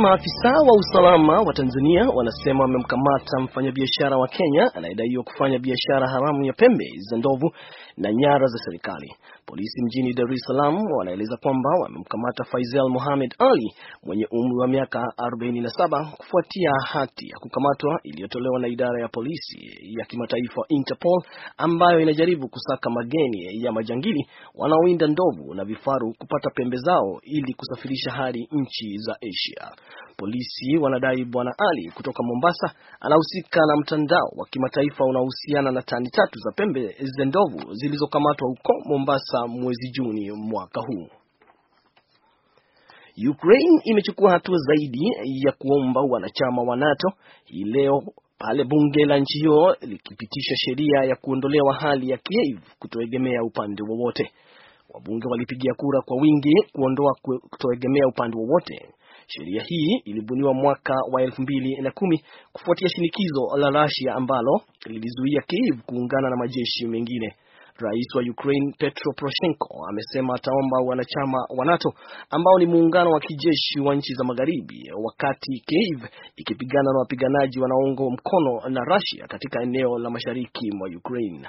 Maafisa wa usalama wa Tanzania wanasema wamemkamata mfanyabiashara wa Kenya anayedaiwa kufanya biashara haramu ya pembe za ndovu na nyara za serikali. Polisi mjini Dar es Salaam wanaeleza kwamba wamemkamata Faisal Mohamed Ali mwenye umri wa miaka 47 kufuatia hati ya kukamatwa iliyotolewa na idara ya polisi ya kimataifa Interpol ambayo inajaribu kusaka mageni ya majangili wanaowinda ndovu na vifaru kupata pembe zao ili kusafirisha hadi nchi za Asia. Polisi wanadai Bwana Ali kutoka Mombasa anahusika na mtandao wa kimataifa unaohusiana na tani tatu za pembe za ndovu zilizokamatwa huko Mombasa mwezi Juni mwaka huu. Ukraine imechukua hatua zaidi ya kuomba wanachama wa NATO hii leo pale bunge la nchi hiyo likipitisha sheria ya kuondolewa hali ya Kiev kutoegemea upande wowote. Wabunge walipigia kura kwa wingi kuondoa kutoegemea upande wowote Sheria hii ilibuniwa mwaka wa elfu mbili na kumi kufuatia shinikizo la Russia ambalo lilizuia Kiev kuungana na majeshi mengine. Rais wa Ukraine Petro Poroshenko amesema ataomba wanachama wa NATO ambao ni muungano wa kijeshi wa nchi za magharibi, wakati Kiev ikipigana na wapiganaji wanaoungwa mkono na Russia katika eneo la mashariki mwa Ukraine.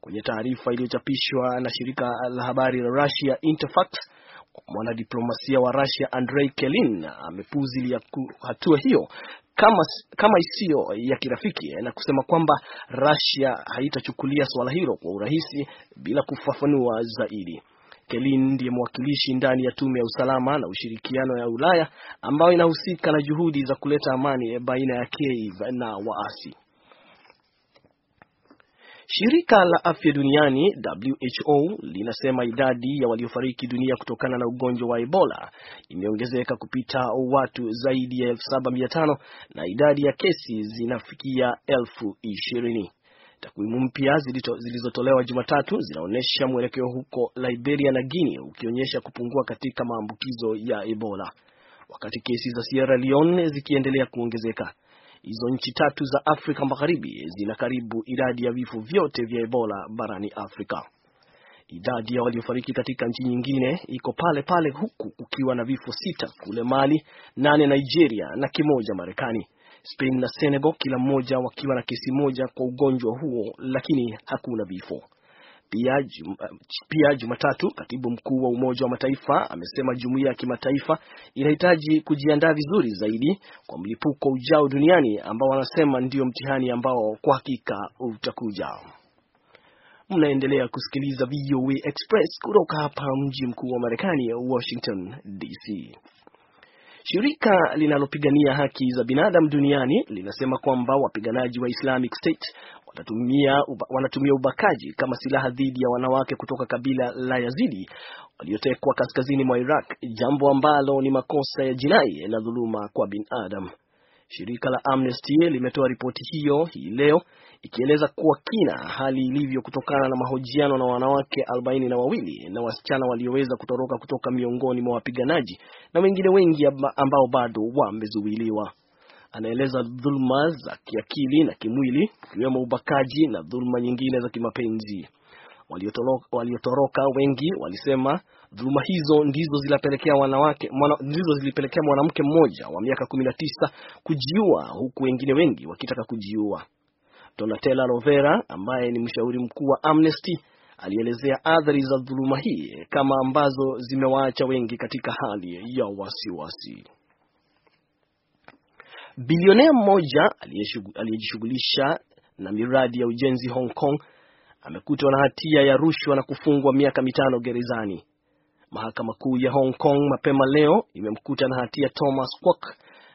Kwenye taarifa iliyochapishwa na shirika la habari la Russia Interfax, Mwanadiplomasia wa Russia Andrei Kelin amepuuzilia hatua hiyo kama, kama isiyo ya kirafiki na kusema kwamba Russia haitachukulia suala hilo kwa urahisi bila kufafanua zaidi. Kelin ndiye mwakilishi ndani ya tume ya usalama na ushirikiano ya Ulaya ambayo inahusika na juhudi za kuleta amani baina ya Kiev na waasi. Shirika la afya duniani WHO linasema idadi ya waliofariki dunia kutokana na ugonjwa wa Ebola imeongezeka kupita watu zaidi ya 7500 na idadi ya kesi zinafikia elfu ishirini. Takwimu mpya zilizotolewa Jumatatu zinaonyesha mwelekeo huko Liberia na Guinea ukionyesha kupungua katika maambukizo ya Ebola, wakati kesi za Sierra Leone zikiendelea kuongezeka. Hizo nchi tatu za Afrika Magharibi zina karibu idadi ya vifo vyote vya Ebola barani Afrika. Idadi ya waliofariki katika nchi nyingine iko pale pale, huku kukiwa na vifo sita kule Mali, nane Nigeria na kimoja Marekani. Spain na Senegal kila mmoja wakiwa na kesi moja kwa ugonjwa huo, lakini hakuna vifo. Pia, jum, pia Jumatatu katibu mkuu wa Umoja wa Mataifa amesema jumuiya ya kimataifa inahitaji kujiandaa vizuri zaidi kwa mlipuko ujao duniani ambao wanasema ndio mtihani ambao kwa hakika utakuja. Mnaendelea kusikiliza VOA Express kutoka hapa mji mkuu wa Marekani, Washington DC. Shirika linalopigania haki za binadamu duniani linasema kwamba wapiganaji wa Islamic State wanatumia, wanatumia ubakaji kama silaha dhidi ya wanawake kutoka kabila la Yazidi waliotekwa kaskazini mwa Iraq, jambo ambalo ni makosa ya jinai na dhuluma kwa binadamu. Shirika la Amnesty limetoa ripoti hiyo hii leo ikieleza kuwa kina hali ilivyo kutokana na mahojiano na wanawake arobaini na wawili na wasichana walioweza kutoroka kutoka miongoni mwa wapiganaji na wengine wengi ambao bado wamezuiliwa. Anaeleza dhuluma za kiakili na kimwili ikiwemo ubakaji na dhuluma nyingine za kimapenzi. Waliotoroka wengi walisema Dhuluma hizo ndizo zilipelekea wanawake, mwana, ndizo zilipelekea mwanamke mmoja wa miaka 19 kujiua huku wengine wengi wakitaka kujiua. Donatella Rovera ambaye ni mshauri mkuu wa Amnesty alielezea athari za dhuluma hii kama ambazo zimewaacha wengi katika hali ya wasiwasi. Bilionea mmoja aliyejishughulisha na miradi ya ujenzi Hong Kong amekutwa na hatia ya rushwa na kufungwa miaka mitano gerezani. Mahakama Kuu ya Hong Kong mapema leo imemkuta na hatia Thomas Kwok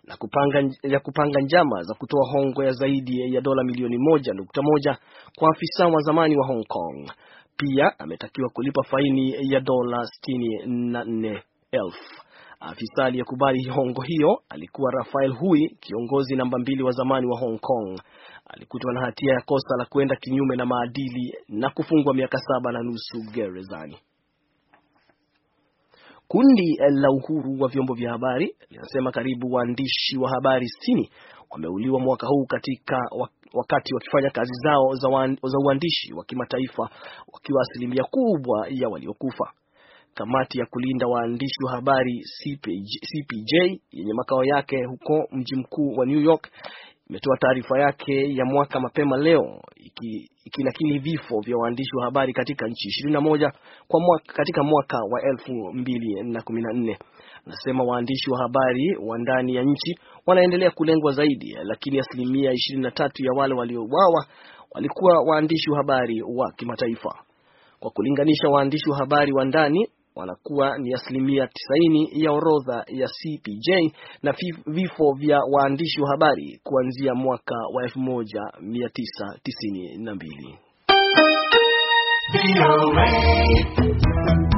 na kupanga, ya kupanga njama za kutoa hongo ya zaidi ya dola milioni moja nukta moja kwa afisa wa zamani wa Hong Kong. Pia ametakiwa kulipa faini ya dola sitini na nne elfu. Afisa aliyekubali hongo hiyo alikuwa Rafael Hui, kiongozi namba mbili wa zamani wa Hong Kong. Alikutwa na hatia ya kosa la kuenda kinyume na maadili na kufungwa miaka saba na nusu gerezani. Kundi la uhuru wa vyombo vya habari linasema karibu waandishi wa habari sitini wameuliwa mwaka huu katika wakati wakifanya kazi zao za, uandishi wa kimataifa wakiwa asilimia kubwa ya waliokufa. Kamati ya kulinda waandishi wa habari CPJ, CPJ yenye makao yake huko mji mkuu wa New York imetoa taarifa yake ya mwaka mapema leo ikinakili iki vifo vya waandishi wa habari katika nchi 21 kwa mwaka, katika mwaka wa 2014. anasema waandishi wa habari wa ndani ya nchi wanaendelea kulengwa zaidi, lakini asilimia 23 ya wale waliouawa walikuwa waandishi wa habari wa kimataifa. Kwa kulinganisha, waandishi wa habari wa ndani wanakuwa ni asilimia 90 ya orodha ya CPJ na vifo vya waandishi wa habari kuanzia mwaka wa 1992.